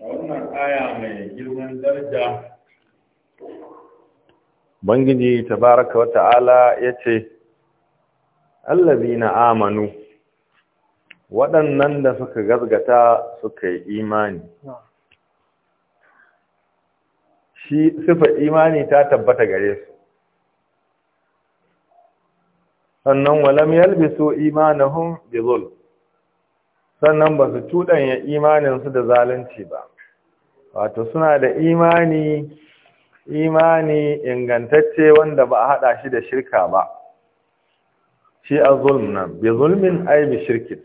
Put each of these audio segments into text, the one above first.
a wannan aya mai girman daraja bangiji tabaraka wa ta'ala ya ce allazina amanu waɗannan da suka gazgata suka yi imani shi sifa imani ta tabbata gare su sannan walam yalbisu imanahum bi zulm sannan ba su cuɗanya imaninsu da zalunci ba wato suna da imani imani ingantacce wanda ba a haɗa shi da shirka ba shi a nan, bi zulmin ai bi shirkin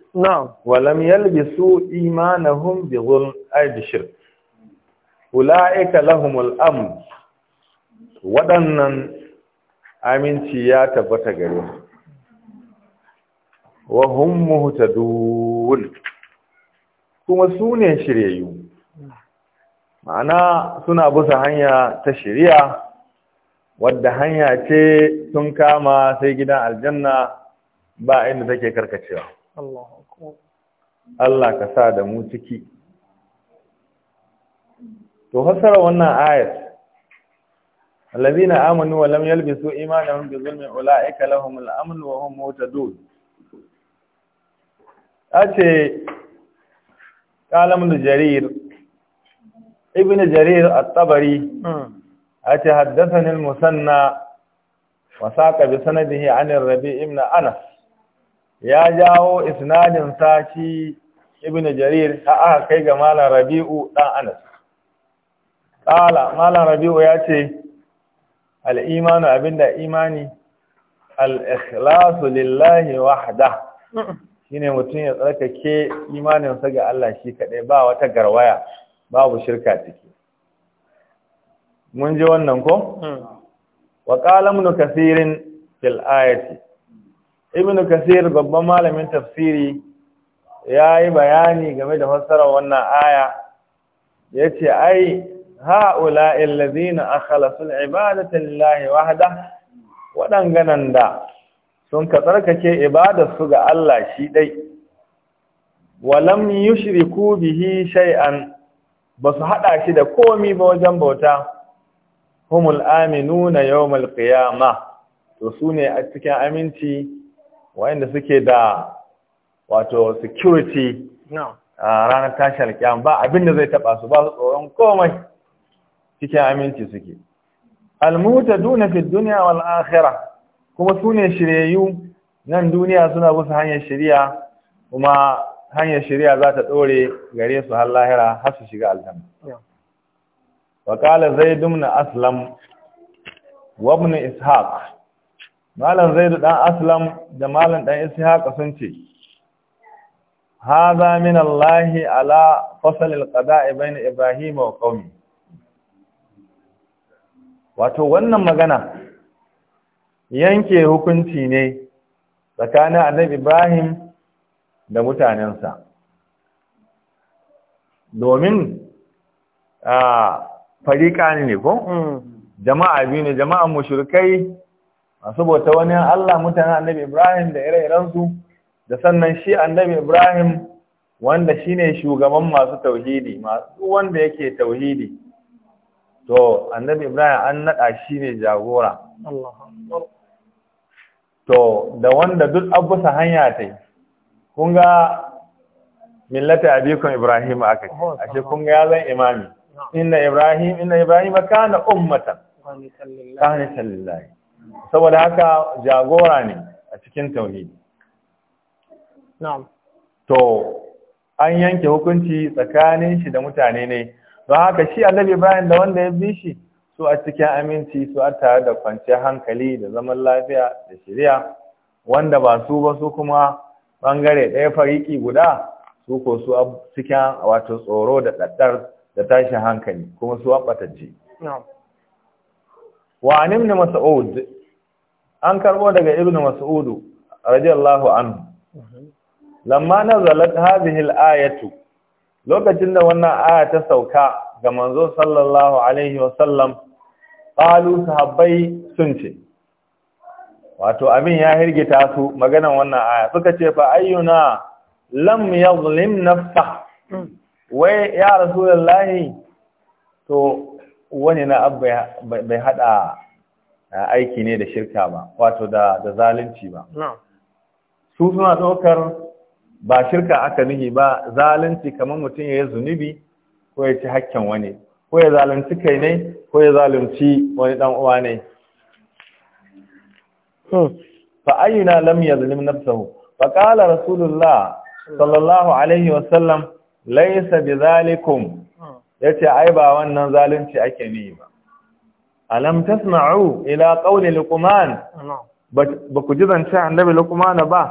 walam yalbisu imanahum bi zulm ai bi shirk ula'ika lahumul am waɗannan aminci ya tabbata gare su wa hum muhtadun kuma su ne shiryayyu ma'ana suna busa hanya ta shirya wadda hanya ce sun kama sai gidan aljanna ba inda take karkacewa Allah ka sa da mu ciki to hasara wannan ayat الذين آمنوا ولم يلبسوا إيمانهم بظلم أولئك Amnu wa وهم مهتدون ace kalam da jarir ibn jarir at-tabari ce haddasa ne musanna wa saqa bi sanadihi an ar-rabi ibn anas ya jawo isnadin sashi ibn jarir a aka kai ga malam rabi'u dan anas Ƙala malam rabi'u ya ce al'imanu abinda imani al-ikhlasu lillahi wahda shine mutum ya tsarkake imaninsa ga Allah shi kaɗai ba wata garwaya babu shirka ciki mun ji wannan ko hmm. wa qala ibn kasirin fil ayati ibn kasir babban malamin tafsiri yayi bayani game da fassarar wannan aya ya ce ai ha’ula illazina akhlasu ibadata lillahi wahda waɗanganan da sun ka tsarkake su ga Allah shi ɗai walam yushriku bihi shay'an ba su haɗa shi da komi ba wajen bauta humul aminuna yawmal qiyama to su ne a cikin aminci wayanda suke da wato security a ranar tashi alkiyama ba abinda zai taba su ba su tsoron komai cikin aminci suke almuta duna fi duniya wal akhirah kuma su ne shiryayyu nan duniya suna busa hanyar shari'a kuma hanyar shari'a za ta ɗore gare su har lahira har su shiga aljanna wa qala zaid ibn aslam wa ibn ishaq malam zaid dan aslam da malam dan ishaq sun ce hadha min allah ala fasal alqada'i bain ibrahim wa qaumi wato wannan magana yanke hukunci ne tsakanin annabi Ibrahim da mutanensa domin a farika ne ko jama'a biyu ne jama'a mushrikai masu bauta wani Allah mutanen annabi Ibrahim da ire-irensu da sannan shi annabi Ibrahim wanda shine shugaban masu tauhidi masu wanda yake tauhidi to annabi Ibrahim an naɗa shi ne jagora to da wanda duk abusa hanya ta yi kun ga millata abikun ibrahim aka ce ashe kun ga ya imami inna ibrahim inna ibrahim kana ummatan qanitan lillahi saboda haka jagora ne a cikin tauhidi na'am to an yanke hukunci tsakanin shi da mutane ne don haka shi annabi ibrahim da wanda ya bi shi su a cikin aminci su a tare da kwanciyar hankali da zaman lafiya da shirya wanda ba su ba su kuma bangare ɗaya fariki guda su ko su a cikin wato tsoro da ɗaɗɗar da tashin hankali kuma su ɓatacce. wa an ibn mas'ud an karbo daga ibn mas'ud radiyallahu anhu lamma nazalat hadhihi al-ayatu lokacin da wannan aya ta sauka ga manzo sallallahu alaihi wa sallam. ƙalu sahabbai sun ce wato abin ya hirgita su maganan wannan aya suka ce fa ayyuna lam yazlim nafsa wai ya rasu rasulullahi to wani na abu bai hada aiki ne da shirka ba wato da zalunci ba su suna ɗaukar ba shirka aka nihi ba zalunci kamar mutum ya yi zunubi ko ya ci hakkin wani ko ya zalunci kai ne ko ya zalunci wani dan uwa ne hmm. fa ayyuna lam yazlim nafsahu fa qala rasulullah sallallahu alaihi wa sallam laysa bidhalikum hmm. yace ai ba wannan zalunci ake ni ba alam tasma'u ila qawli luqman ba ku ji zance annabi luqman ba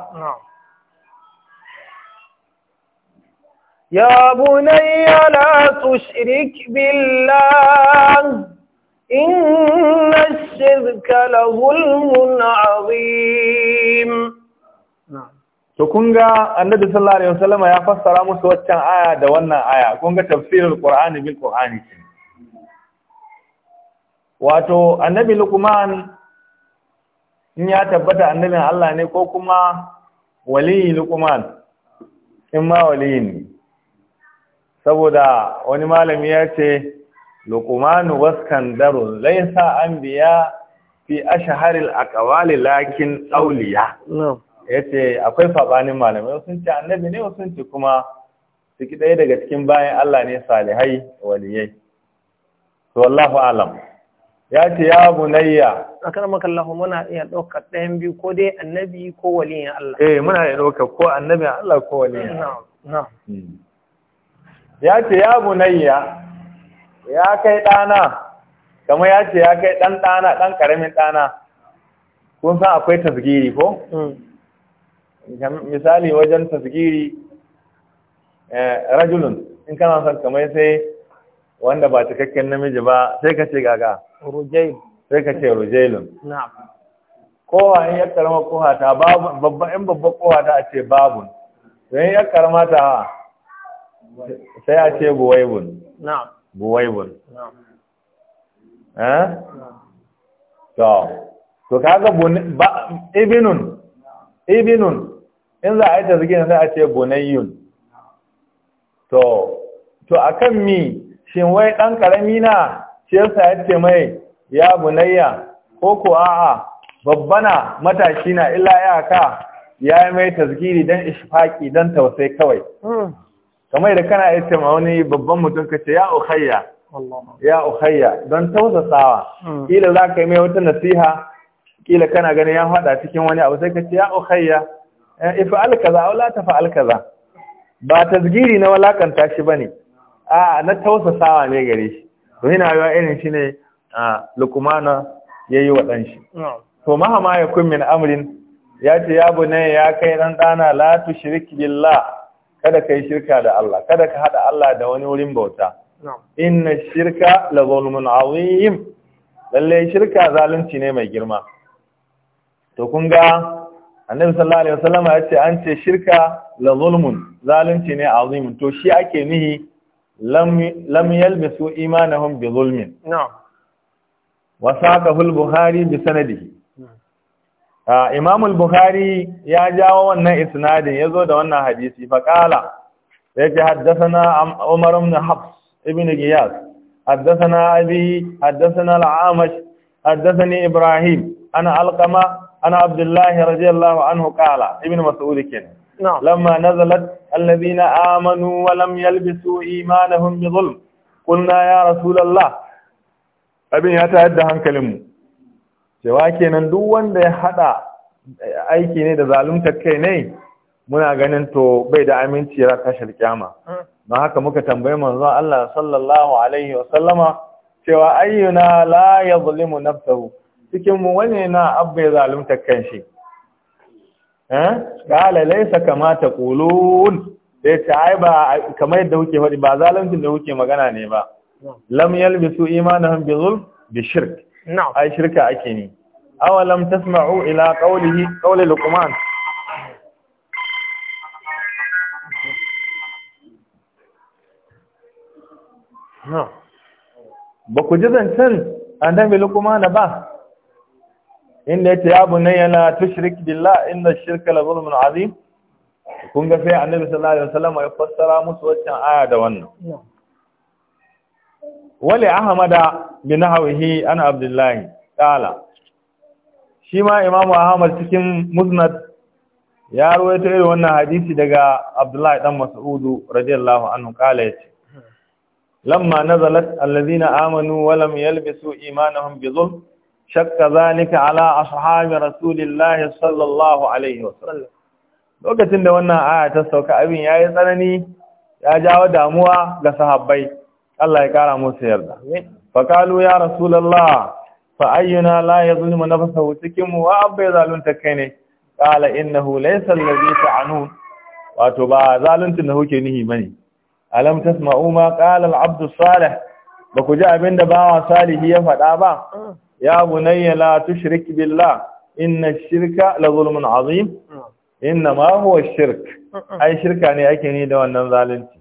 يا بني لا تشرك بالله إن الشرك لظلم عظيم To kun ga Annabi sallallahu alaihi wasallam ya fassara musu waccan aya da wannan aya kun ga tafsirul Qur'ani bil Qur'ani Wato Annabi Luqman in ya tabbata annabin Allah ne ko kuma waliyi Luqman in ma waliyin ne saboda wani malami ya ce luqmanu waskandaru laysa anbiya fi ashharil aqwali lakin Ya yace akwai fabanin malamai sun ce annabi ne sun ce kuma suki ɗaya daga cikin bayan Allah ne salihai waliyai to wallahu alam ya ce ya bunayya akramaka Allah muna iya ɗaukar ɗayan biyu ko dai annabi ko waliyin Allah eh muna iya ɗaukar ko annabi Allah ko waliyin Allah hmm. ya ce ya bunayya ya kai ɗana kamar ya ce ya kai ɗan ɗana ɗan ƙaramin ɗana kun san akwai tasgiri ko? Hmm. misali wajen tasgiri eh, rajulun in kana san kamar sai wanda ba cikakken namiji ba sai ka ce gaga sai ka ce rujailun kowa in ya karama kowa ta in babban kowa ta a ce babun don ya karama ta sai a ce buwaibun na'am buwaibun eh to to kaga ibnun ibnun in za a yi tazgin a ce bunayyun to to akan mi shin wai dan karami na shi yasa yace mai ya bunayya ko ko a'a babbana matashi na illa ya ka ya yi mai tazkiri dan ishfaqi dan tausai kawai hmm. kamar da kana yi ce wani babban mutum ka ce ya ukhayya ya ukhayya don tausasawa hmm. kila za ka yi mai wata nasiha kila kana gani ya hada cikin wani abu sai ka ce ya ukhayya eh, ifa'al kaza aw la tafa'al kaza ba tasgiri na walakanta shi bane a na tausasawa ne gare shi to yawa irin shi ne lukumana yayi wa dan shi hmm. to mahama ya kun min amrin ya ce ya ya kai dan Latu, la tushrik billah kada ka yi shirka da Allah kada ka haɗa Allah da wani wurin bauta inna shirka la zulmun azim lalle shirka zalunci ne mai girma to kun ga annabi sallallahu alaihi wasallam ya ce an ce shirka la zulmun zalunci ne azim to shi ake nihi lam lam yalbisu imanahum bi zulmin na'am wa saqahu al-bukhari bi sanadihi Ah, Imam al-Bukhari ya jawo wannan isnadin yazo da wannan hadisi fa qala yace haddathana Umar ibn Hafs ibn Giyas haddathana Abi haddathana al-Amash haddathani Ibrahim ana alqama ana Abdullah radiyallahu anhu qala ibn Mas'ud kin lamma nazalat alladhina amanu wa lam yalbisu imanahum bi dhulm qulna ya rasulullah abin ya ta'adda hankalinmu cewa kenan duk wanda ya hada eh, aiki ne da zalunta kai ne muna ganin to bai da aminci ra tashar kyama don haka muka tambayi manzon Allah sallallahu alaihi wa sallama cewa ayyuna la yazlimu nafsahu cikin mu wani na abba ya zalunta kanshi eh kala laysa kama taqulun sai ta ai ba kamar yadda kuke faɗi ba zaluncin da kuke magana ne ba lam yalbisu imanahum bi zulm bi shirk ai shirka ake ne awalam tasma'u ila qawlihi qawli luqman ba ku ji zancen annabi luqman ba inda yace ya bunayya yana tushrik dilla inna shirka la zulmun azim kun ga sai annabi sallallahu alaihi wasallam ya fassara musu waccan aya da wannan wale ahmada bin hawihi ana abdullahi kala shi ma imamu ahmad cikin musnad ya ruwaito irin wannan hadisi daga abdullahi dan mas'udu radiyallahu anhu kala yace lamma nazalat alladhina amanu wa lam yalbisu imanahum bi dhulm shakka zalika ala ashabi rasulillahi sallallahu alaihi wasallam lokacin da wannan aya ta sauka abin yayi tsanani ya jawo damuwa ga sahabbai Allah ya kara musu yarda Fakalu ya rasulullah fa ayyuna la yazlimu nafsahu cikin mu wa abba zalunta kai ne qala innahu laysa alladhi ta'anun wato ba zaluntin da kuke nihi bane alam tasma'u ma qala al-abd salih ba ku ji abinda bawa salihi ya faɗa ba ya bunayya la tushrik billah inna shirka la zulmun azim inna ma huwa shirk ai shirka ne ake ni da wannan zalunci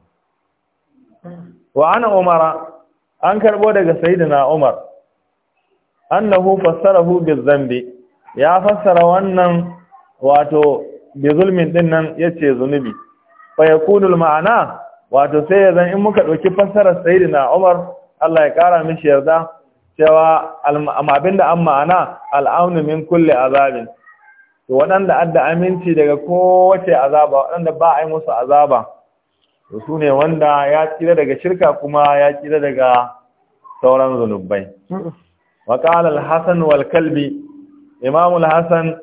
wa ana umara an karbo daga sayyidina umar annahu fassarahu bizambi ya fassara wannan wato bi zulmin din nan yace zunubi fa yakunu ma'ana wato sai yazan in muka dauki fassarar sayyidina umar Allah ya kara mishi yarda cewa abinda an ma'ana al'aunu min kulli azabin to waɗanda adda aminci daga kowace azaba waɗanda ba a yi musu azaba to su ne wanda ya tsira daga shirka kuma ya tsira daga sauran zunubai wa qala WalKalbi, imam Alhassan,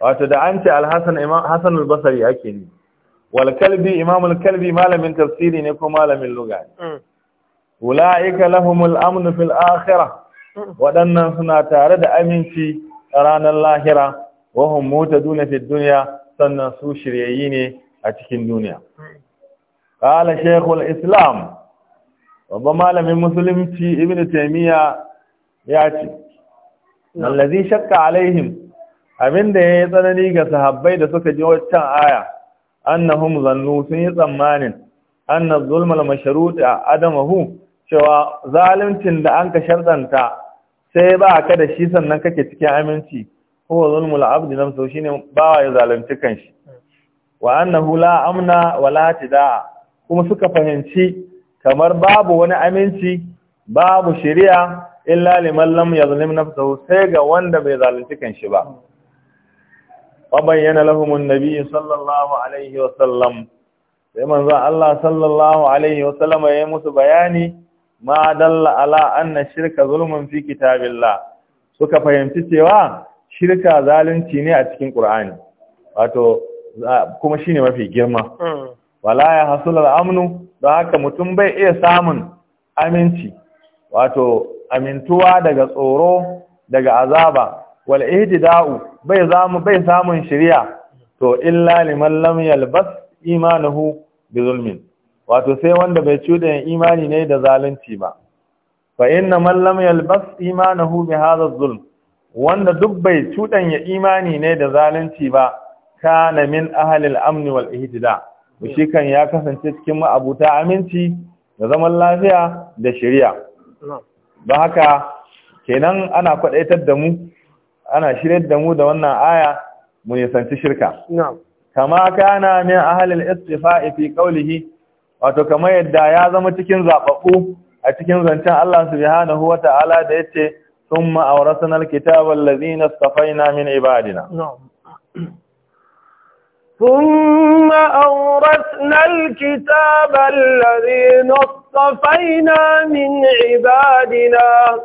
wato da an ce AlHassan, hasan imam ake ni WalKalbi, imam Alkalbi malamin tafsiri ne ko malamin lugha mm. ulaika lahumul amnu fil akhira mm. waɗannan suna tare da aminci a ranar lahira wahum mota fid duniya sannan su shiryayi ne a cikin duniya mm. ƙala shekul islam babban malamin musulunci ibn taimiyya ya ce allazi shakka alaihim abinda ya yi tsanani ga sahabbai da suka ji waccan aya annahum zannu sun yi tsammanin anna zulmal mashruta adamahu cewa zaluncin da anka sharɗanta sai ba ka da shi sannan kake cikin aminci huwa zulmul abdi nafsu shine bawa ya zaluntukan shi. wa annahu la amna wala tidaa kuma suka fahimci kamar babu wani aminci babu shari'a illa liman lam yazlim nafsuhu sai ga wanda bai zalunci kanshi ba wa bayyana lahum annabi sallallahu alaihi wa sallam sai manzo Allah sallallahu alaihi wa sallam ya musu bayani ma dalla ala anna shirka zulmun fi kitabillah suka fahimci cewa shirka zalunci ne a cikin Qur'ani wato kuma shine mafi girma hmm. wala ya hasul amnu don haka mutum bai iya samun aminci wato amintuwa daga tsoro daga azaba wal ihtida'u bai zamu bai samun shiriya to illa liman lam yalbas imanuhu bi zulmin wato sai wanda bai cuɗe imani ne da zalunci ba fa inna man lam yalbas imanuhu bi hadha zulm wanda duk bai cuɗanya imani ne da zalunci ba kana min ahlil amni wal ihtida shi kan ya kasance cikin ma'abuta aminci da zaman lafiya da shirya Ba haka kenan ana kwadaitar da mu ana shiryar da mu da wannan aya mu nisanci shirka kama kana min ahlil istifa'i fi qawlihi wato kamar yadda ya zama cikin zababbu a cikin zancen Allah subhanahu wata'ala da yace thumma awrasna alkitaba allazina istafaina min ibadina ثم أورثنا الكتاب الذي نصفينا من عبادنا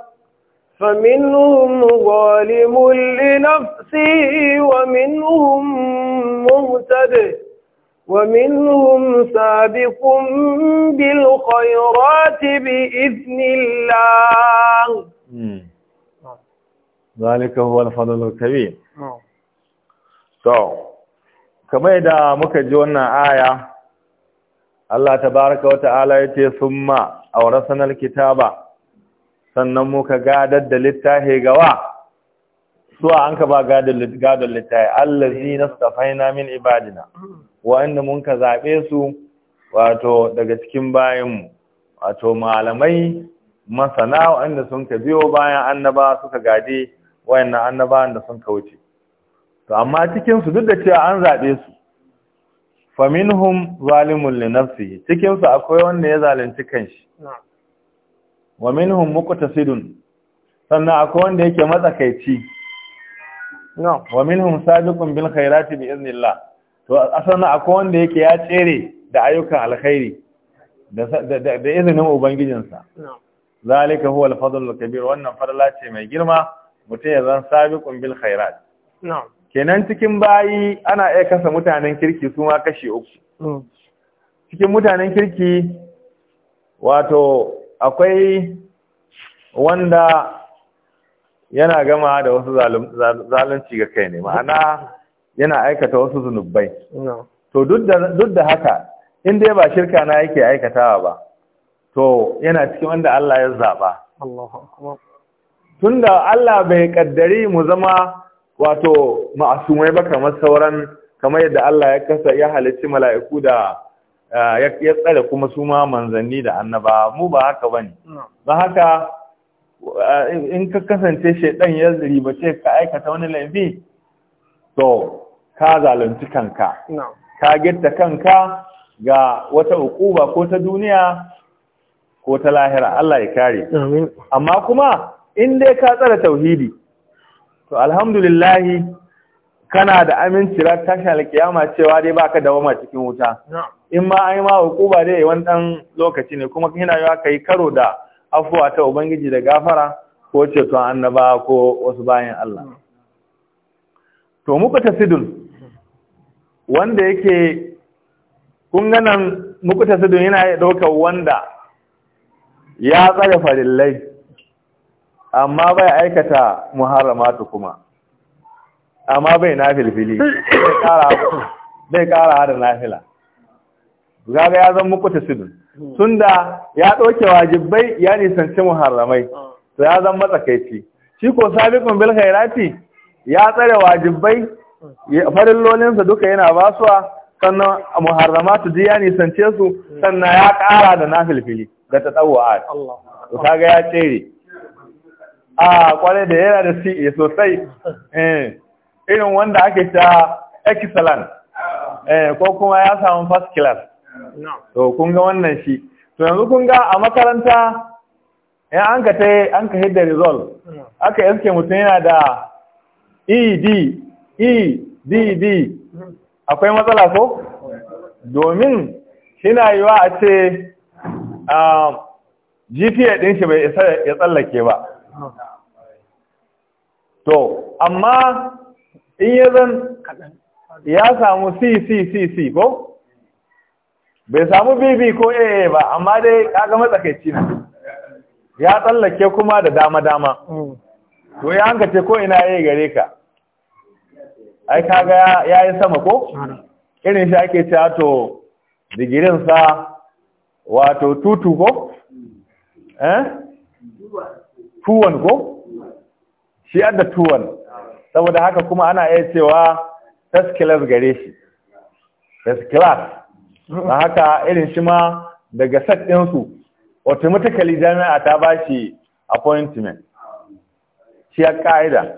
فمنهم ظالم لنفسه ومنهم مهتد ومنهم سابق بالخيرات بإذن الله ذلك هو الفضل الكبير نعم طيب. kamar da muka ji wannan aya Allah tabaraka wa ta'ala yace summa awrasanal kitaba sannan muka gadar da littafi gawa su an ka ba gadar gadar littafi allazi nastafaina min ibadina wa'anda mun ka zabe su wato daga cikin bayanmu wato malamai masana wa'anda sun ka biyo bayan annaba suka gade wayannan annaba da sun ka wuce to amma cikin su duk da cewa an zabe su faminhum zalimun li nafsihi cikin su akwai wanda ya zalunci kanshi wa minhum muqtasidun sannan akwai wanda yake matsakaici wa minhum sabiqun bil khairati bi iznillah to asana akwai wanda yake ya tsere da ayyukan alkhairi da izinin ubangijinsa zalika huwa al al kabir wannan fadla ce mai girma mutum ya zan sabiqun bil khairat na'am kenan cikin bayi ana iya kasa mutanen kirki su ma kashi uku hmm. cikin mutanen kirki wato akwai wanda yana gama da wasu zalunci ga kai ne ma'ana yana aikata wasu zunubai to duk da haka in dai ba shirka na yake aikatawa ba to yana cikin wanda Allah ya zaba tunda Allah bai kaddari mu zama wato ma'asumai ba kamar sauran kamar yadda Allah ya kasa ya halicci mala'iku da ya tsare kuma su ma manzanni da annaba mu ba haka bane ba haka eh, in ka kasance shaidan ya ribace ka aikata wani laifi to ka zalunci kanka ka gitta kanka ga wata ukuba ko ta duniya ko ta lahira Allah ya kare amma kuma in dai ka tsara tauhidi to alhamdulillahi kana da aminci ran tashi alkiyama cewa dai baka wama cikin wuta in ma ai ma hukuma dai wani dan lokaci ne kuma yana yawa kai karo da afuwa ta ubangiji da gafara ko ceton annaba ko wasu bayan Allah to muka tasidun wanda yake kun ganan muka tasidun yana dauka wanda ya tsare farillai amma bai aikata muharramatu kuma amma bai nafilfili bai kara da nafila gaga ya zan muku tasidun tunda ya ɗauke wajibai ya nisanci muharramai to ya zan matsakaici shi ko sabiqun bil khairati ya tsare wajibai sa duka yana basuwa sannan muharramatu duk ya nisance su sannan ya ƙara da nafilfili da tatawwa'at to kaga ya tsere a kwarai da yana da CA eh, sosai eh, irin wanda ake ta excellent eh, ko kuma ya samu first class to kun ga wannan shi to yanzu kun ga a makaranta yan an ka ta an ka hidda result aka iske mutum yana da ed edd akwai matsala ko domin shina yiwa a ce ah, gpa din shi bai isa ya tsallake ba to amma in ya zan ya samu c c c ko bai samu bb ko aa ba amma dai kaga matsakaici na ya tsallake kuma da dama dama to ya hankace ko ina yayi gare ka ai kaga yi sama ko irin shi ake ce to digirin sa wato tutu ko eh tuwon ko shi adda tuwon saboda haka kuma ana iya cewa first class gare shi first class na haka irin shi ma daga set ɗinsu automatically jami'a ta ba shi appointment shi ya ƙa'ida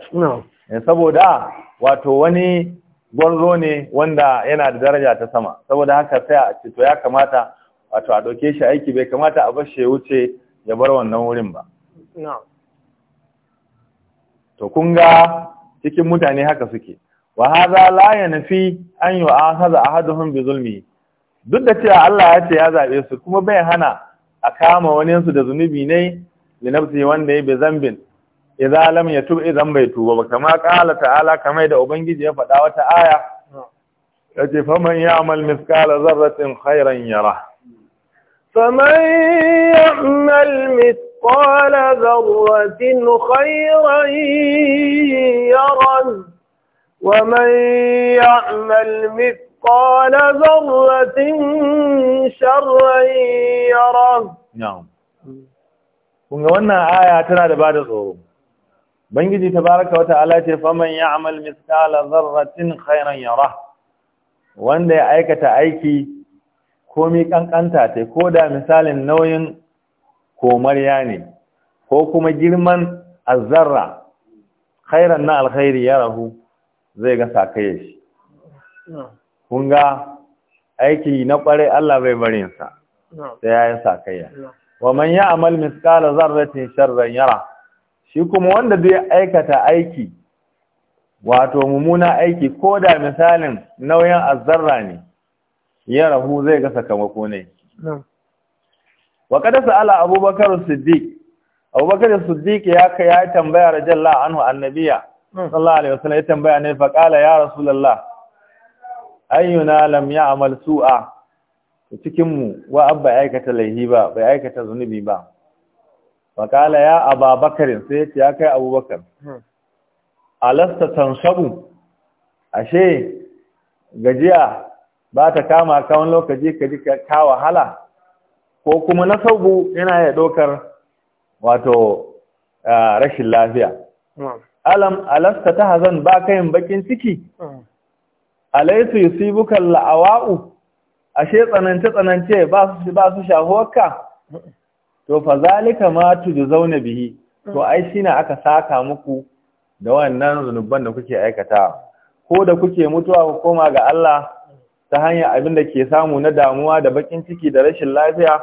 eh, saboda wato wani gwanzo ne wanda yana da daraja ta sama saboda haka sai a ce to ya kamata wato a ɗauke shi aiki bai kamata a bashe wuce ya bar wannan wurin ba to kun ga cikin mutane haka suke wa hadha la yanfi an yu'akhadha ahaduhum bi zulmi duk da cewa Allah ya ce ya zabe su kuma bai hana a kama wani su da zunubi ne li nafsi wanda ya bi zambin idza lam yatub idan bai tuba ba kama qala ta'ala kama da ubangiji ya faɗa wata aya yace faman ya'mal mithqala dharratin khairan yara faman ya'mal mithqala مثقال ذرة خيرا يره ومن يعمل مثقال ذرة شرا نعم kunga wannan aya tana da bada tsoro bangiji tabaraka wata'ala ce faman ya'mal mithqala dharratin khairan yara wanda ya aikata aiki komi kankanta ta ko da misalin nauyin ko marya ne ko kuma girman azzarra khairan na alkhairi ya rahu zai ga sakaye shi kun ga aiki na kware Allah bai barin sa sai ya yi sakaye wa man ya'mal mithqala zarratin sharran yara shi kuma wanda zai aikata aiki wato mumuna aiki ko da misalin nauyin azzarra ne ya rahu zai ga sakamako ne wa kada sa'ala abubakar siddiq abubakar siddiq ya kai ya tambaya rajallahu anhu annabiya sallallahu alaihi wasallam ya tambaya ne fa qala ya rasulullah ayyuna lam ya'mal su'a cikin mu wa abba aikata laihi ba bai aikata zunubi ba fa qala ya ababakar sai ya kai abubakar alasta tansabu ashe gajiya ba ta kama ka wani lokaci ka ji ka wahala ko kuma na nasabu yana ya ɗaukar wato rashin lafiya alam alasta ta hazan ba kayan bakin ciki mm. alaisu bukan la'awa'u ashe tsanance tsanance ba su ba su shahuwarka to fa zalika ma zaune bihi to ai shine aka saka muku da wannan zunubban da kuke aikata ko da kuke mutuwa ku koma ga Allah ta hanyar abin da ke samu na damuwa da bakin ciki da rashin lafiya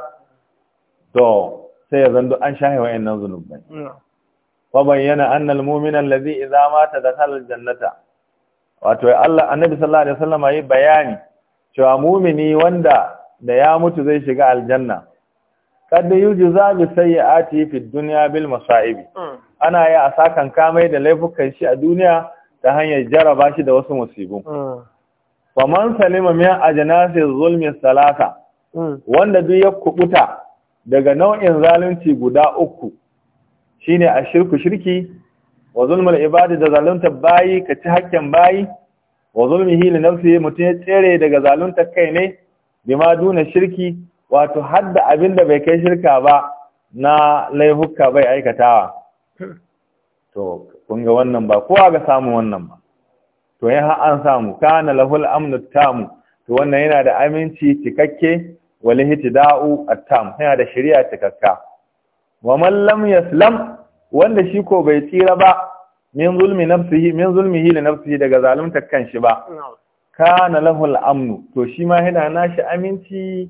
to sai ya zando an shahe wayannan zunubai fa bayyana annal mu'mina allazi idza mata dakhala jannata. wato Allah annabi sallallahu alaihi wasallam yayi bayani cewa mu'mini wanda da ya mutu zai shiga aljanna kad za bi sayyiati fi dunya bil masa'ib ana yi asakan kamai da laifukan shi a duniya ta hanyar jaraba shi da wasu musibu faman salima min ajnasi zulmi salasa hmm. wanda duk ya kubuta daga nau'in zalunci guda uku shine ashirku shirki wa zulmul ibadi da zalunta bayi kaci ci hakkin bayi wa zulmihi li nafsi mutun ya tsere daga zalunta kai ne bima duna shirki wato hadda abinda bai kai shirka ba na laifuka bai aikatawa hmm. to kun ga wannan ba kowa ga samu wannan ba to ya ha an samu kana lahul amnu tamu to wannan yana da aminci cikakke wal ihtida'u a tam yana da shari'a cikakka wa man lam yaslam wanda shi ko bai tsira ba min zulmi nafsihi min zulmihi li nafsihi daga zalunta kanshi ba kana lahul amnu to shi ma yana nashi aminci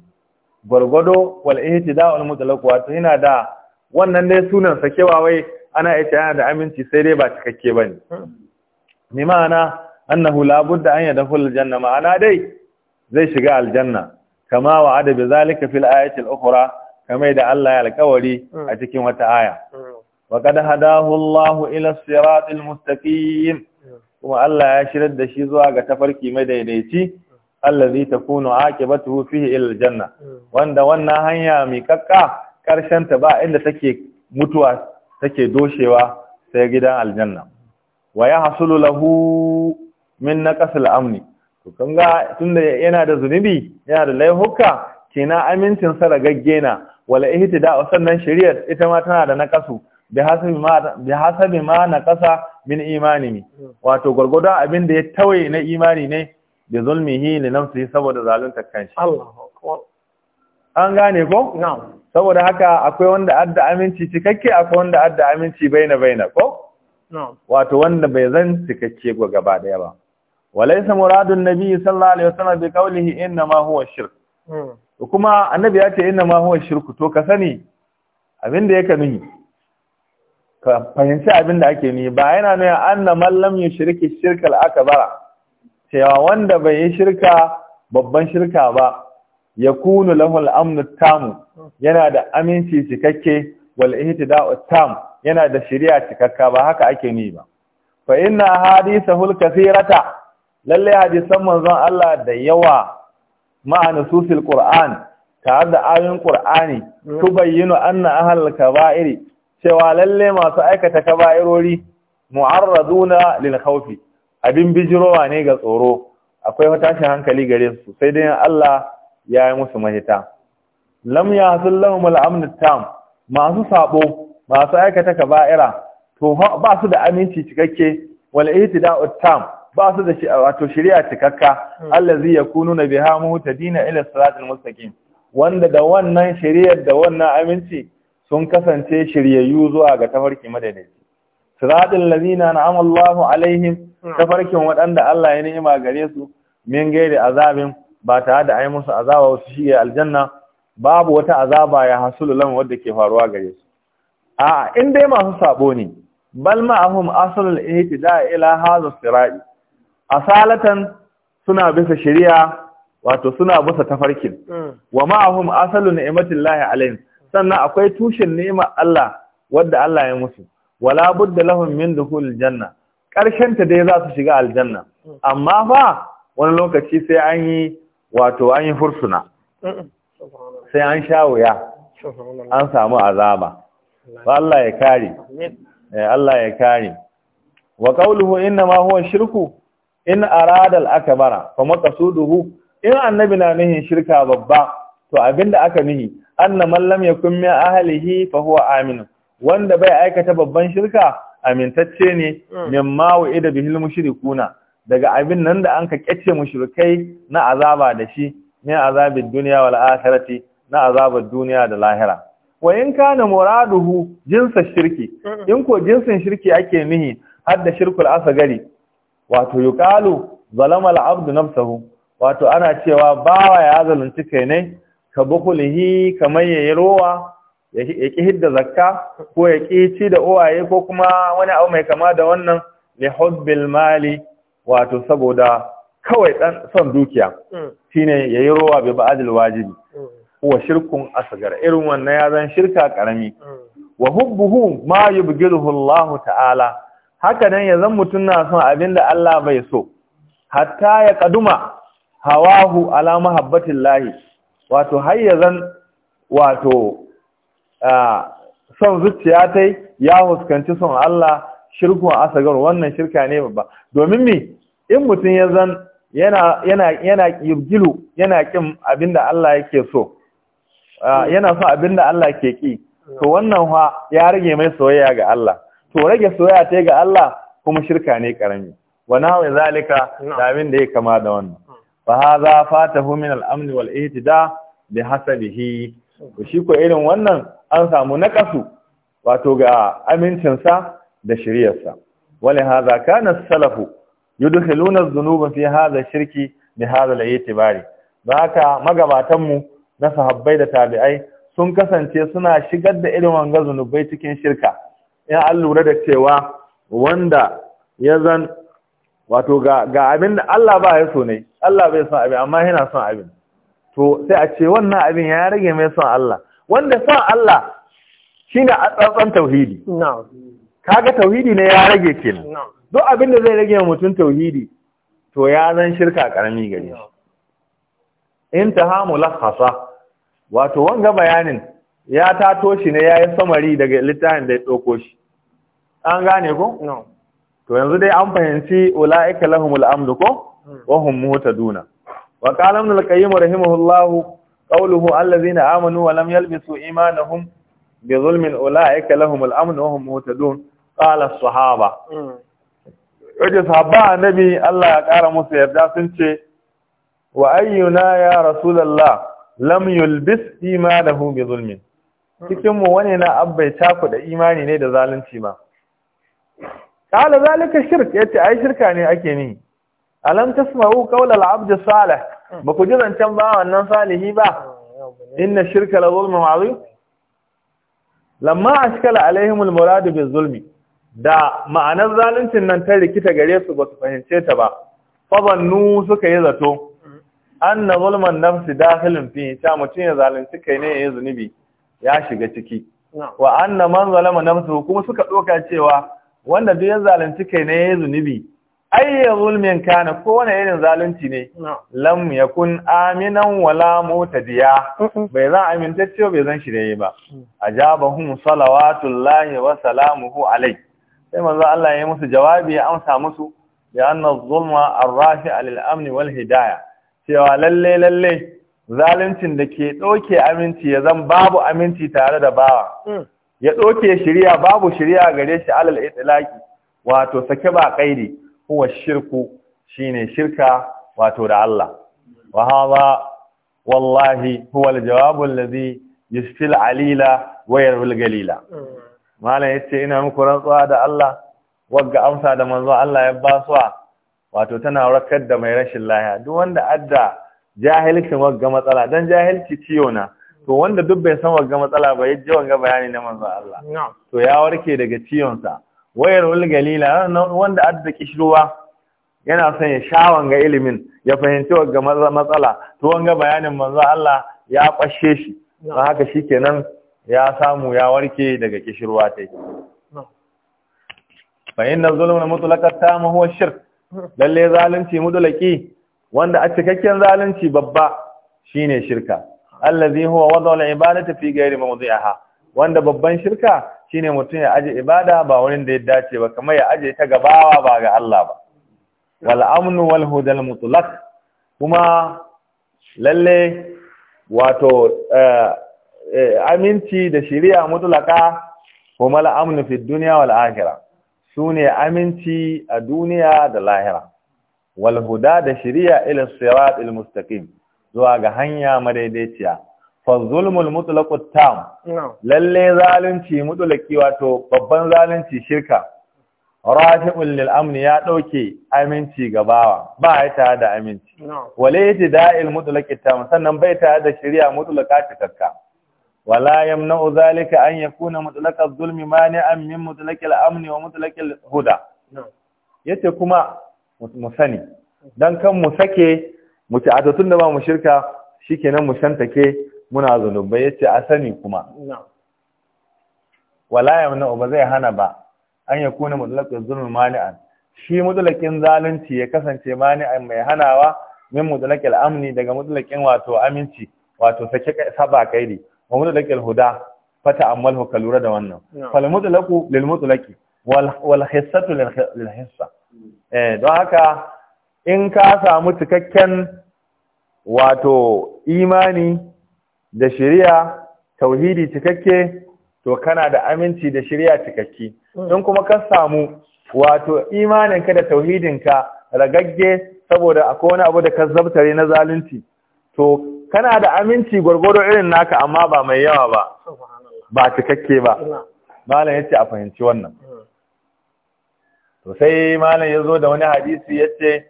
gwargwado wal ihtida'u al-mutlaq wato yana da wannan dai sunan sakewa wai ana ita yana da aminci sai dai ba cikakke bane ne. Hmm. ma'ana annahu la budda an yadkhul aljanna ma'ana dai zai shiga aljanna kama wa'ada bi zalika fil ayati al-ukhra kama da Allah ya alƙawari a cikin wata aya wa qad hadahu Allah ila siratil mustaqim kuma Allah ya shirar da shi zuwa ga tafarki madaidaici allazi takunu aqibatuhu fihi ila aljanna wanda wannan hanya mai kakka karshen ta ba inda take mutuwa take doshewa sai gidan aljanna wa ya lahu min naqasil amni to kan ga tunda yana da zunubi yana da laihuka kina amincin sa ragagge na wala ihtida sannan shari'ar ita ma tana da naqasu bi hasabi ma bi hasabi ma naqasa min imani wato gurgurdan abin da ya tawaye na imani ne da zulmihi li nafsihi saboda zalunta kanshi Allahu akbar an gane ko na'am saboda haka akwai wanda adda aminci cikakke akwai wanda adda aminci baina baina ko wato wanda bai zan cikakke gaba daya ba walaysa muradun nabi sallallahu alaihi wasallam bi qawlihi inna shirk kuma annabi ya ce inna ma huwa shirk to ka sani abinda yake nuni ka fahimci abinda ake nuni ba yana nuna anna man lam yushriki shirka al cewa wanda bai yi shirka babban shirka ba yakunu lahu al-amnu tamu yana da aminci cikakke wal ihtida'u tam yana da shari'a cikakka ba haka ake nuni ba fa inna hadithahu al-kathirata lallai hadisan manzon Allah da yawa ma'ana susil Qur'an tare da ayoyin Qur'ani tubayyinu mm. anna ahlul kaba'iri cewa lallai masu aikata kaba'irori mu'arraduna lil khawfi abin bijirowa ne ga tsoro akwai tashin hankali gare su sai dai Allah ya yi musu mahita lam yahsul lahum al-amn tam masu sabo masu aikata kaba'ira to ba su da aminci cikakke wal ihtida'u tam ba su da wato shari'a cikakka Allah hmm. zai allazi na biha muhtadina ila siratal mustaqim wanda da wannan shari'ar da wannan aminci sun kasance shiryayyu zuwa ga tafarki madaidaici siratal ladina an'ama Allahu alaihim hmm. tafarkin waɗanda Allah ya nima gare su min gairi azabin ba tare da ai musu azaba wasu shi aljanna babu wata azaba ya hasulu lam wadda ke faruwa gare su a in dai masu sabo ne bal ma'ahum asalul ihtida ila hadha sirai asalatan suna bisa shari'a wato suna bisa tafarkin mm. wa ma'ahum asalu lahi alayhim sannan akwai tushen ni'ma Allah wanda Allah ya musu wala budda lahum min dukhul janna karshen ta dai za su shiga aljanna mm. amma fa wani lokaci sai an yi wato an yi fursuna sai an sha wuya an samu azaba Allah ya kare eh, Allah ya kare wa qawluhu inna ma huwa shirku in aradal akbara fa maqsuduhu in annabi na nihin shirka babba to abinda aka nihi anna man lam yakun min ahlihi fa huwa amin wanda bai aikata babban shirka amintacce ne hmm. mimma wa'ida bihil mushrikuna daga abin nan da an ka kyace mushrikai na azaba da shi ne azabid dunya wal akhirati na azabar duniya da lahira wa in kana muraduhu jinsa shirki hmm. in ko jinsin shirki ake nihi har da shirkul asagari wato yuqalu zalama al-abdu nafsahu wato ana cewa bawa ya zalunci kai ne ka bukulihi kamar yayi rowa ya ki hidda zakka ko ya ki ci da uwaye ko kuma wani abu mai kama da wannan li hubbil mali wato saboda kawai dan son dukiya mm. shine yayi rowa bi ba'dil wajibi mm. wa shirkun asgar irin wannan ya zan shirka karami mm. wa hubbuhu ma yubghiluhu Allah ta'ala haka nan ya zan mutum na son abin da Allah bai so hatta ya kaduma hawahu ala mahabbatin lahi wato har ya zan wato son zuciya ta ya huskanci son Allah a asagar wannan shirka ne babba domin mi, in mutum ya zan yana yana yana yana kin Allah yake so yana son abinda Allah ke ki to wannan ha ya rage mai soyayya ga Allah to rage soyayya ta ga Allah kuma shirka ne karami wa wa zalika da abin da ya kama da wannan fa hadha fatahu min al-amn wal ihtida bi hasabihi to shi ko irin wannan an samu nakasu wato ga amincin sa da shiryarsa. sa wala hadha kana salafu yudkhiluna adh-dhunuba fi hadha shirki bi hadha al-i'tibari da haka magabatan mu na sahabbai da tabi'ai sun kasance suna shigar da irin wanga zunubai cikin shirka in an lura da cewa wanda ya zan wato ga abin da Allah ba ya so ne Allah bai son abin amma yana son abin to sai a ce wannan abin ya rage mai son Allah wanda son Allah ne a tsantsan tauhidi kaga tauhidi ne ya rage kenan duk abin da zai rage mutum tauhidi to ya zan shirka karami gare shi intaha lakasa wato wanga bayanin ya tato shi ne ya yi samari daga littafin da ya ɗauko shi an gane ko to yanzu dai an fahimci ulaika lahumul amdu ko hmm. wa hum muhtaduna wa qala ibn al-qayyim rahimahullahu qawluhu allazina amanu wa lam yalbisu imanahum bi zulmin ulaika lahumul amnu wa hum mutadun qala as-sahaba hmm. yaje sahaba annabi Allah ya kara musu yarda sun ce wa ayyuna ya rasulullah lam yulbis imanahu bi zulmin hmm. cikin mu wani na abbai taku da imani ne da zalunci ba qala zalika shirk yace ai shirka ne ake ni alam tasma'u qawla al-abd ba ku ji zancen ba wannan salihi ba inna shirka la zulmun ma'azi lamma ashkala alaihim al-murad bi zulmi da ma'anar zaluncin nan ta rikita gare su ba su fahimce ta ba fabannu suka yi zato anna zulman nafsi dakhilun fi ta mutun ya zalunci kai ne ya zunubi ya shiga ciki wa anna man zalama nafsuhu kuma suka doka cewa wanda duk ya zalunci kai ne ya zunubi ya zulmin kana ko wani irin zalunci ne lam yakun aminan wala mutadiya bai zan amintacce bai zan shirye ba mm. ajabahum salawatullahi wa salamuhu alai sai manzo Allah ya musu jawabi ya amsa musu ya anna zulma arrafi lil amni wal hidaya cewa lalle lalle zaluncin da ke ɗauke aminci ya zan babu aminci tare da bawa mm. ya ɗoke shiriya, babu shiriya, gare shi alal itlaqi wato sake ba kairi, huwa shirku shine shirka wato da Allah wa hadha wallahi huwa aljawabu alladhi yusfil alila wa yarul galila malam yace ina muku rantsuwa da Allah wagga amsa da manzo Allah ya basuwa wato tana warkar da mai rashin lahiya duk wanda adda jahilcin wagga matsala dan jahilci ciyo na to wanda duk bai san wanga matsala ba ya ji wanga bayani na manzo Allah to ya warke daga ciwon sa wayar wal galila wanda adda kishruwa yana son ya sha wanga ilimin ya fahimci wanga matsala to wanga bayanin manzo Allah ya kwashe shi don haka shikenan ya samu ya warke daga kishruwa yi fa inna zulmuna mutlaqat tama huwa shirk lalle zalunci mutlaqi wanda a cikakken zalunci babba shine shirka allazi huwa wada al-ibadati fi ghairi mawdi'iha wanda babban shirka shine mutum ya aje ibada ba wurin da ya dace ba kamar ya aje ta gabawa ba ga Allah ba wal amnu wal hudal mutlaq kuma lalle wato eh, eh, aminci da shari'a mutlaka kuma la amnu fi dunya wal akhirah sune aminci a duniya da lahira wal huda da shari'a ila sirat al mustaqim zuwa ga hanya madaidaiciya Fazulmul zulmul tam lalle zalunci mutulaki wato babban zalunci shirka rafi'un lil amni ya ɗauke aminci gabawa ba ya tare da aminci walayati da'il mutlaqi tam sannan bai tare da shirya mutlaka takakka wala yamna'u zalika an kuna mutlaqa zulmi an min mutlaqi amni wa mutlaqi huda. huda yace kuma mu sani dan kan mu sake mu ce a tun da ba mu shirka shi kenan mu take muna zunubai ce a sani kuma wala yamna ba zai hana ba an kuna mutulakin zulm mani'an shi mutulakin zalunci ya kasance mani'an mai hanawa min mutulakin amni daga mutulakin wato aminci wato sake saba kaidi wa mutulakin huda fata amalhu ka lura da wannan fal mutlaqu lil mutlaqi wal hissatu hmm. eh, don haka in ka samu cikakken wato imani da shari'a tauhidi cikakke to kana da aminci da shari'a cikakke hmm. in kuma ka samu wato imaninka da tauhidinka ragagge saboda akwai wani abu da ka zabtare na zalunci to kana da aminci gwargwado irin naka amma ba mai yawa ba ba cikakke ba malam yace a fahimci wannan hmm. to sai malam yazo da wani hadisi yace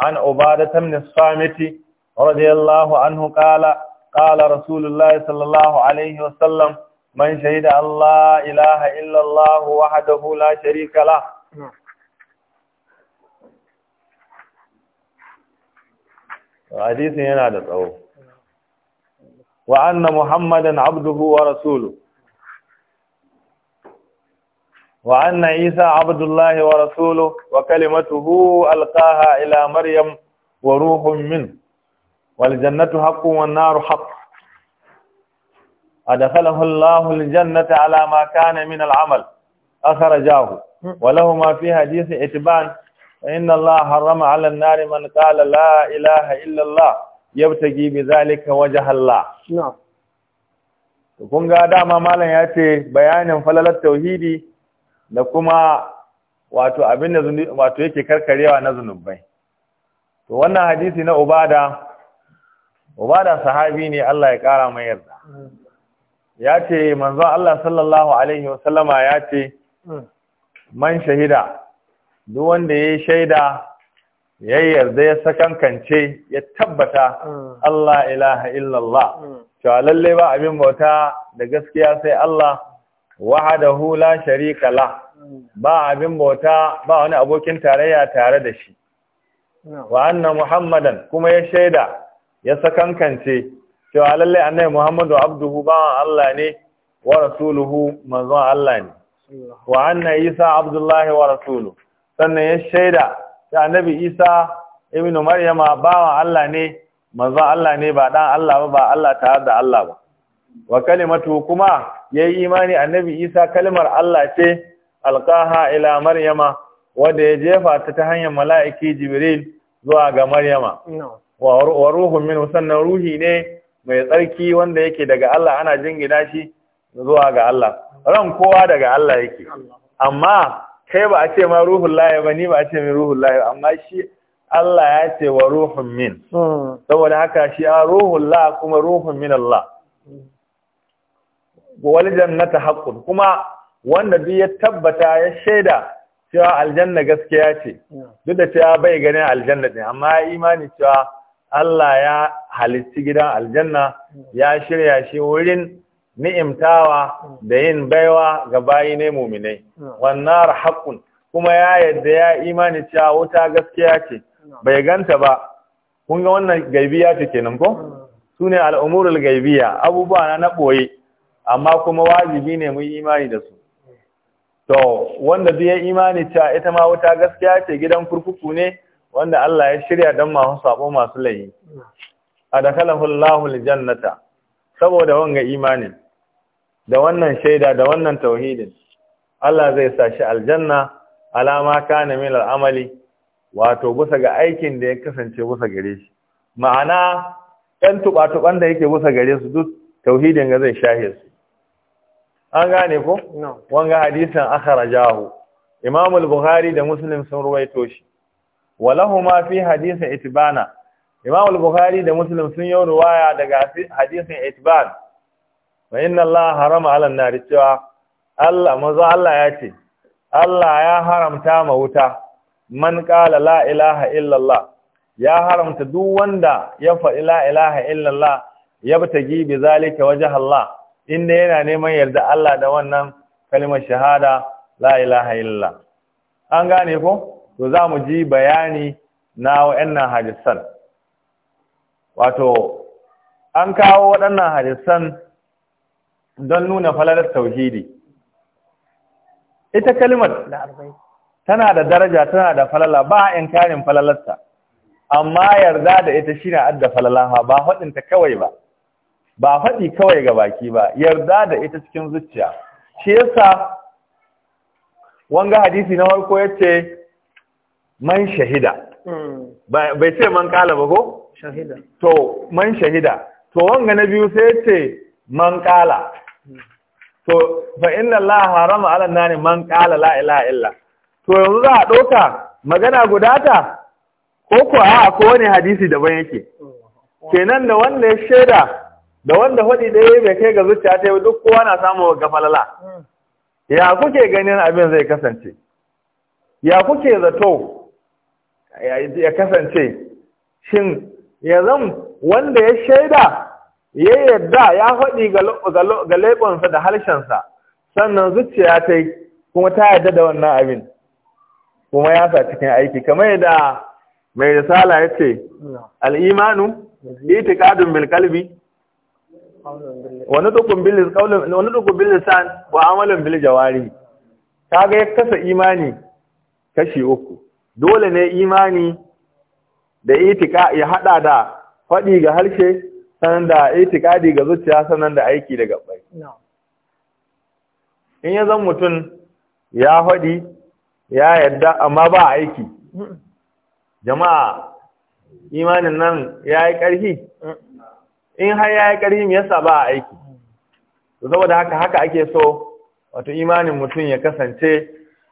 عن عبادة بن الصامت رضي الله عنه قال قال رسول الله صلى الله عليه وسلم من شهد أن لا إله إلا الله وحده لا شريك له حديث هنا ده وأن محمدا عبده ورسوله وأن عيسى عبد الله ورسوله وكلمته ألقاها إلى مريم وروح منه والجنة حق والنار حق أدخله الله الجنة على ما كان من العمل أخرجاه وله ما في حديث إتبان فإن الله حرم على النار من قال لا إله إلا الله يبتغي بذلك وجه الله نعم kun ga dama malam ya ce bayanin falalar tauhidi da kuma wato abin da wato yake karkarewa na zunubai to wannan hadisi na ubada ubada sahabi ne Allah ya kara mai yarda ya ce manzon Allah sallallahu alaihi wasallama ya ce man shahida duk wanda ya shaida ya yarda ya sakankance ya tabbata Allah ilaha illallah to lalle ba abin bauta da gaskiya sai Allah wahadahu la sharika la ba abin bauta ba wani abokin tarayya tare da shi wa anna muhammadan kuma ya shaida ya sakankance cewa lallai annabi muhammadu abduhu bawan Allah ne wa rasuluhu manzon Allah ne wa anna isa abdullahi wa rasulu sannan ya shaida ta annabi isa ibnu maryama bawa Allah ne manzon Allah ne ba dan Allah ba ba Allah tare da Allah ba wa kalimatu kuma ya yi imani annabi isa kalmar Allah ce alƙaha ila maryama wanda ya jefa ta ta hanyar mala'iki jibril zuwa ga maryama wa ruhun min sannan ruhi ne mai tsarki wanda yake daga Allah ana jingina shi zuwa ga Allah ran kowa daga Allah yake amma kai ba a ce ma ruhun laye ba ni ba a ce min ruhun laye amma shi Allah ya ce wa ruhun min hmm. saboda haka shi a ruhun la kuma ruhun min Allah hmm. wal jannata haqqun kuma wanda duk ya tabbata ya shaida cewa aljanna gaskiya ce duk da cewa bai ganin aljanna din amma ya imani cewa Allah ya halitti gidan aljanna ya shirya shi wurin ni'imtawa da yin baiwa ga bayi ne muminai wannan haqqun kuma ya yadda ya imani cewa wuta gaskiya ce bai ganta ba kun ga wannan gaibiya ce kenan ko sune al'umurul gaibiya abubuwa na na boye amma kuma wajibi ne mu imani da su to wanda duk ya imani ta ita ma wuta gaskiya ce gidan kurkuku ne wanda Allah ya shirya dan masu sabo masu layi adakalahu Allahu aljannata saboda wanga imani da wannan shaida da wannan tauhidin Allah zai sa shi aljanna alama kana min al'amali wato busa ga aikin da ya kasance busa gare shi ma'ana 'yan tuba-tuban da yake busa gare su duk tauhidin ga zai shahe su an gane ko wanga hadisan akhrajahu imam al-bukhari da muslim sun ruwaito shi ma fi hadisin itbana imam al-bukhari da muslim sun yi ruwaya daga hadisin itban wa inna allaha harama ala an-nar cewa Allah manzo Allah ya ce Allah ya haramta ma wuta man qala la ilaha illallah ya haramta duk wanda ya faɗi la ilaha illallah yabtagi bi zalika wajha Allah inda yana neman yarda Allah da wannan kalmar shahada la ilaha illa. an gane ko to za mu ji bayani na wa'annan hadisan wato an kawo waɗannan hadisan don nuna falalar tauhidi ita kalmar tana da daraja tana da falala ba a inkarin falalarta amma yarda da ita shine adda falalaha ba haɗinta kawai ba ba faɗi kawai ga baki ba yarda da ita cikin zuciya shi yasa wanga hadisi na farko yace man shahida hmm. bai ce man kala ba ko shahida to man shahida to wanga na biyu sai yace man kala hmm. to fa inna Allah harama ala nani man kala la ilaha illa to yanzu za a ɗauka magana guda ta ko ko a ko wani hadisi daban yake hmm. kenan da wanda ya shaida da wanda faɗi ɗaya bai kai ga zuciya ta yi duk kowa na samu ga falala ya kuke ganin abin zai kasance ya kuke zato ya kasance shin ya zan wanda ya shaida ya yadda ya faɗi ga laifinsa da harshensa sannan zuciya ta yi kuma ta yarda da wannan abin kuma ya sa cikin aiki kamar yadda mai risala ya ce al'imanu itikadun bil kalbi wani tukun bilis kaulun wa amalin bil jawari kaga ya kasa imani kashi uku dole ne imani da itika ya hada da faɗi ga harshe sanan da itikadi ga zuciya sanan da aiki da gabbai in ya zan mutum ya faɗi ya yadda amma ba aiki jama'a imanin nan ya yi ƙarfi in har ya yi ƙarfi me yasa ba a aiki to saboda haka haka ake so wato imanin mutum ya kasance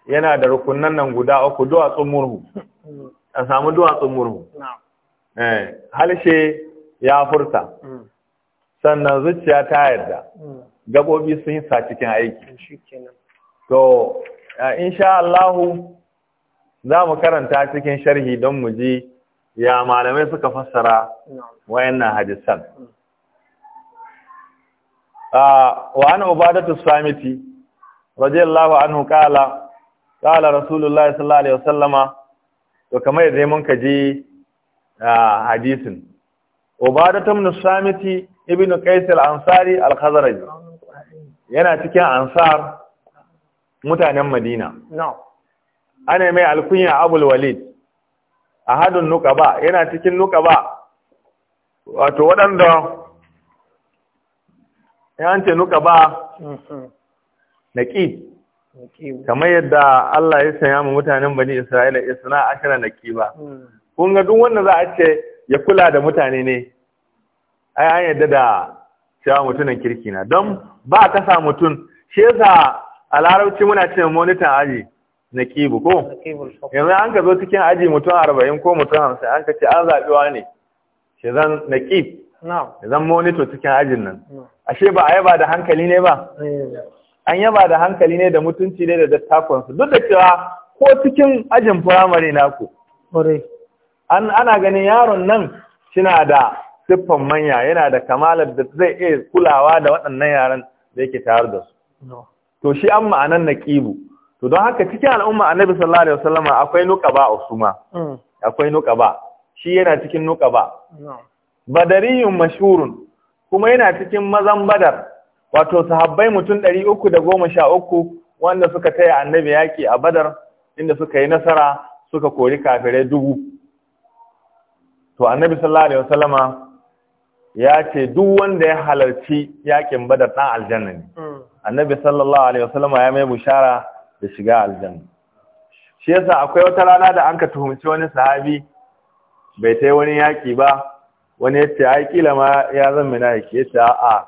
yana da rukunan nan guda uku duwatsun murhu a samu duwatsun murhu eh, halshe ya furta sannan zuciya ta yarda gabobi sun yi sa cikin aiki to insha Allahu za mu karanta cikin sharhi don mu ji ya malamai suka fassara wayannan hadisan wa an ubadatu samiti radiyallahu anhu qala qala rasulullahi sallallahu alaihi wasallama to kamar yadda mun kaji hadisin ubadatu ibn samiti ibn qais al-ansari al-khazraj yana cikin ansar mutanen madina ana mai alkunya abul walid ahadun nuqaba yana cikin nuqaba wato waɗanda yan ce nuka ba mm-hmm. naƙi kamar yadda Allah ya saya mu mutanen bani Isra'ila na ashara naqiba mm. kun ga duk wanda za a ce ya kula da mutane ne ai an yadda da cewa mutunan kirki na don ba a sa mutun shi yasa a larabci muna ce monitan aji na kibu ko yanzu an ka zo cikin aji mutum arba'in ko mutum hamsin an ka ce an zaɓi wa ne shi zan na Zan mo monito cikin ajin nan ashe ba a yaba da hankali ne ba eh. an yaba da hankali ne da mutunci ne da dattakonsu duk da cewa ko cikin ajin firamare naku an ana ganin yaron nan shina da siffan manya yana da kamalar da zai iya kulawa da waɗannan yaran da yake tayar da su to shi an ma'anan na ƙibu to don haka cikin al'umma annabi sallallahu alaihi Sallama akwai nuka ba a usuma mm. akwai nuka ba shi yana cikin nuka ba badariyun Mashurun kuma yana cikin mazan badar wato sahabbai mutum ɗari uku da goma sha uku wanda suka taya annabi yaƙi a badar inda suka yi nasara suka kori kafirai dubu to annabi sallallahu alaihi wasallama ya ce duk wanda ya halarci yaƙin badar ɗan aljanna ne hmm. annabi sallallahu alaihi wasallama ya mai bushara da shiga aljanna shi yasa akwai wata rana da an ka tuhumci wani sahabi bai tai wani yaƙi ba wani ya ce ai kila ma ya zan mina yake ya ce a'a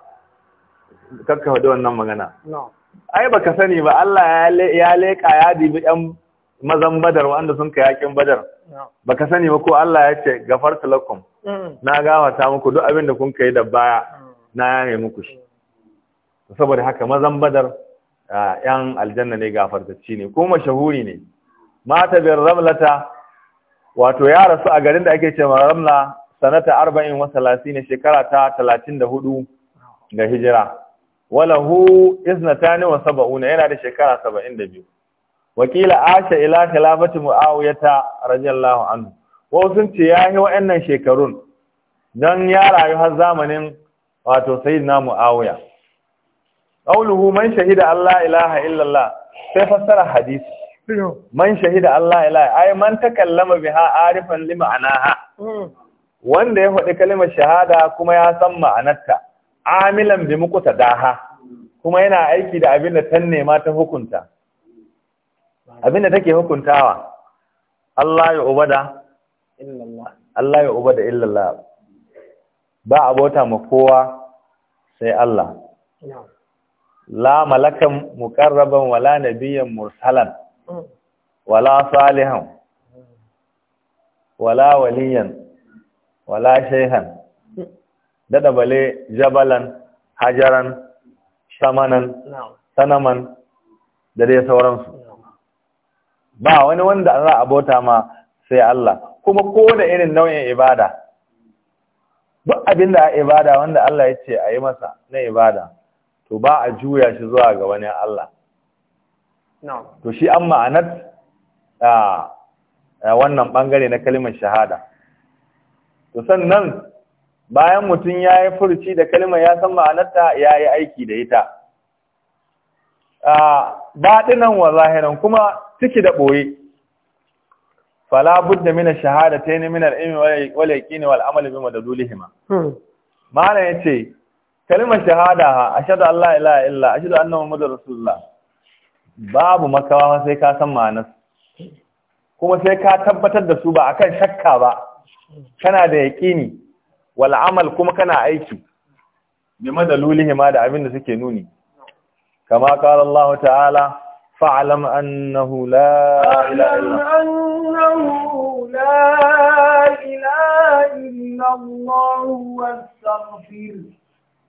kakka faɗi wannan magana ai baka sani ba Allah ya leƙa ya dibi yan mazan badar wanda sun ka yakin badar baka sani ba ko Allah ya ce gafar talakum mm. na gawata muku duk abin da kun kai da baya na yaye muku shi saboda haka mazan badar yan aljanna ne gafartacci ne kuma shahuri ne mata bin ramlata wato ya rasu a garin da ake ce ramla sanata arba'in wa ne, shekara ta talatin da hudu ga hijira walahu isnatani wa saba'una yana da shekara saba'in da biyu wakila asha ila khilafati muawiyata radiyallahu anhu wa sun ce yi wa'annan shekarun dan ya rayu har zamanin wato sayyidina muawiya qawluhu man shahida ila ilaha illallah sai fassara hadisi man shahida alla ilaha ay man takallama biha arifan lima'anaha mm. wanda ya faɗi kalimar shahada kuma ya san ma'anarta amilan bi mukuta daha kuma yana aiki da abin da ta nema ta hukunta abin da take hukuntawa Allah ya ubada illallah Allah ya ubada illallah ba abota ma kowa sai Allah la malakan muqarraban wala nabiyyan mursalan mm. wala salihan wala waliyan wala shehan dada bale jabalan hajaran samanan sanaman da dai sauransu ba wani wanda za a bauta ma sai Allah kuma ko da irin nau'in ibada duk abin da ibada wanda Allah ya ce a yi masa na ibada to ba a juya shi zuwa ga wani Allah to shi an ma'anar ah, ah, wannan bangare na kalimar shahada to sannan bayan mutum ya yi furci da kalmar ya san ma'anarta ya yi aiki da ita baɗinan wa zahiran kuma ciki da ɓoye fala budda mina shahada ta yi minar ilmi wal kini wal amali bi hmm. ma'ana ya ce kalmar shahada ha ashhadu Allah, Allah, ilaha illa ashhadu anna muhammadar rasulullah babu makawa sai ka san ma'anar kuma sai ka tabbatar da su ba akan shakka ba kana da yaƙini wal'amal kuma kana aiki bi madalulihima ma da abin da suke nuni kama qala Allah ta'ala fa'lam annahu la ilaha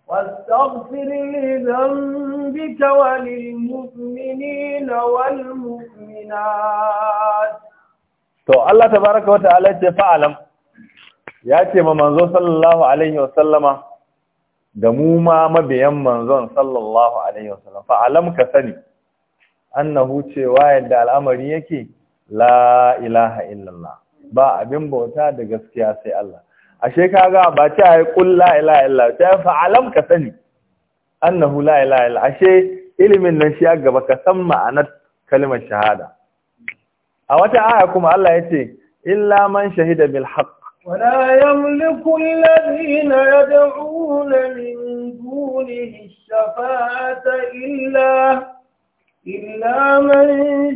واستغفر لذنبك وللمؤمنين والمؤمنات to Allah tabaaraka wa ta'ala ya ce ma manzo sallallahu alaihi wasallama da mu ma mabiyan manzon sallallahu alaihi wasallam fa alam ka sani annahu cewa yadda al'amari yake la ilaha illallah ba abin bauta da gaskiya sai Allah ashe kaga ba ta yi qul la ilaha illallah ta fa alam ka sani annahu la ilaha illallah ashe ilimin nan shi gaba ka san ma'anar kalmar shahada a wata aya kuma Allah yace illa man shahida bil haqq ولا يملك الذين يدعون من دونه الشفاعة إلا إلا من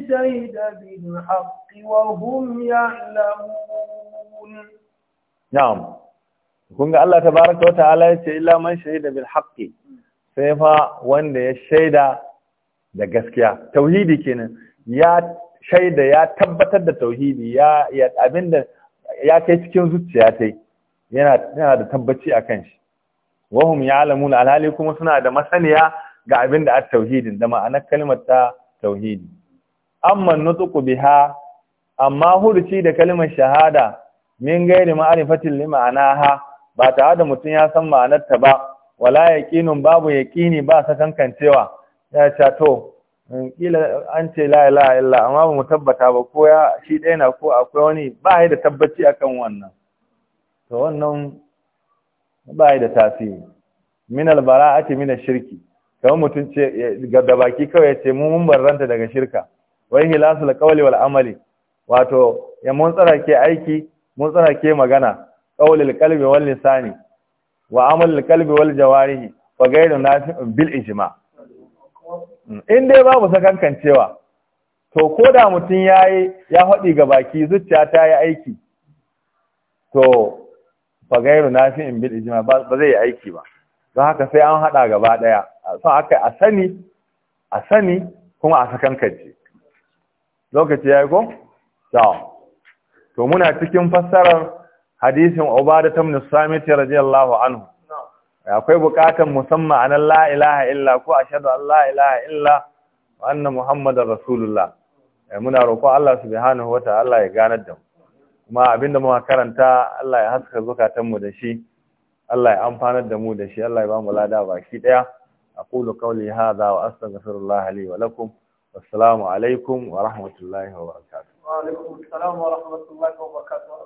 شهد بالحق وهم يعلمون نعم kun ga Allah tabaraka wa ta'ala ya ce illa man shahida bil haqqi sai fa wanda ya shaida da gaskiya tauhidi kenan ya shaida ya tabbatar da tauhidi ya abinda ya kai cikin zuciya ta yana yana da tabbaci a kan shi wahum na alhali kuma suna da masaniya ga abin da a tauhidin da ma'anar kalmar ta tauhidi amma bi biha amma hurci da kalmar shahada min gairi ma'rifatin ma'ana ha, ba tare da mutum ya san ma'anarta ba wala yaqinun babu yaqini ba sakankancewa ya ce to Eh, kila an ce la ilaha illa amma ba mu tabbata ba ko ya shi ɗaya na ko akwai wani ba ya da tabbaci akan wannan to wannan ba ya da tasiri min albara'ati min shirki kamar mutum ce da baki kawai ya ce mu mun barranta daga shirka wai hilasul qawli wal amali wato ya mun tsara ke aiki mun tsara ke magana qawlil qalbi wal lisani wa amalul qalbi wal jawarihi fa gairu nafi'un bil ijma' in dai babu sakankancewa to ko da mutum ya yi ya haɗi ga baki zuciya ta yi aiki to fagairu na fi in bil ijima ba zai yi aiki ba don haka sai an haɗa gaba ɗaya son aka a sani a sani kuma a sakankance lokaci ya yi ko? to muna cikin fassarar hadisin ubada ta min samiti radiyallahu anhu akwai bukatan musamman a nan la ilaha illa ko ashhadu an la illa wa anna muhammadar rasulullah eh, muna roƙo Allah subhanahu Allah ya ganar da mu kuma abinda muka karanta Allah ya haska zukatan da shi Allah ya amfanar da mu da shi Allah ya ba mu lada baki ɗaya. aqulu qawli hadha wa astaghfirullah li wa lakum wassalamu alaikum wa rahmatullahi wa barakatuh wa alaikum assalam wa rahmatullahi wa barakatuh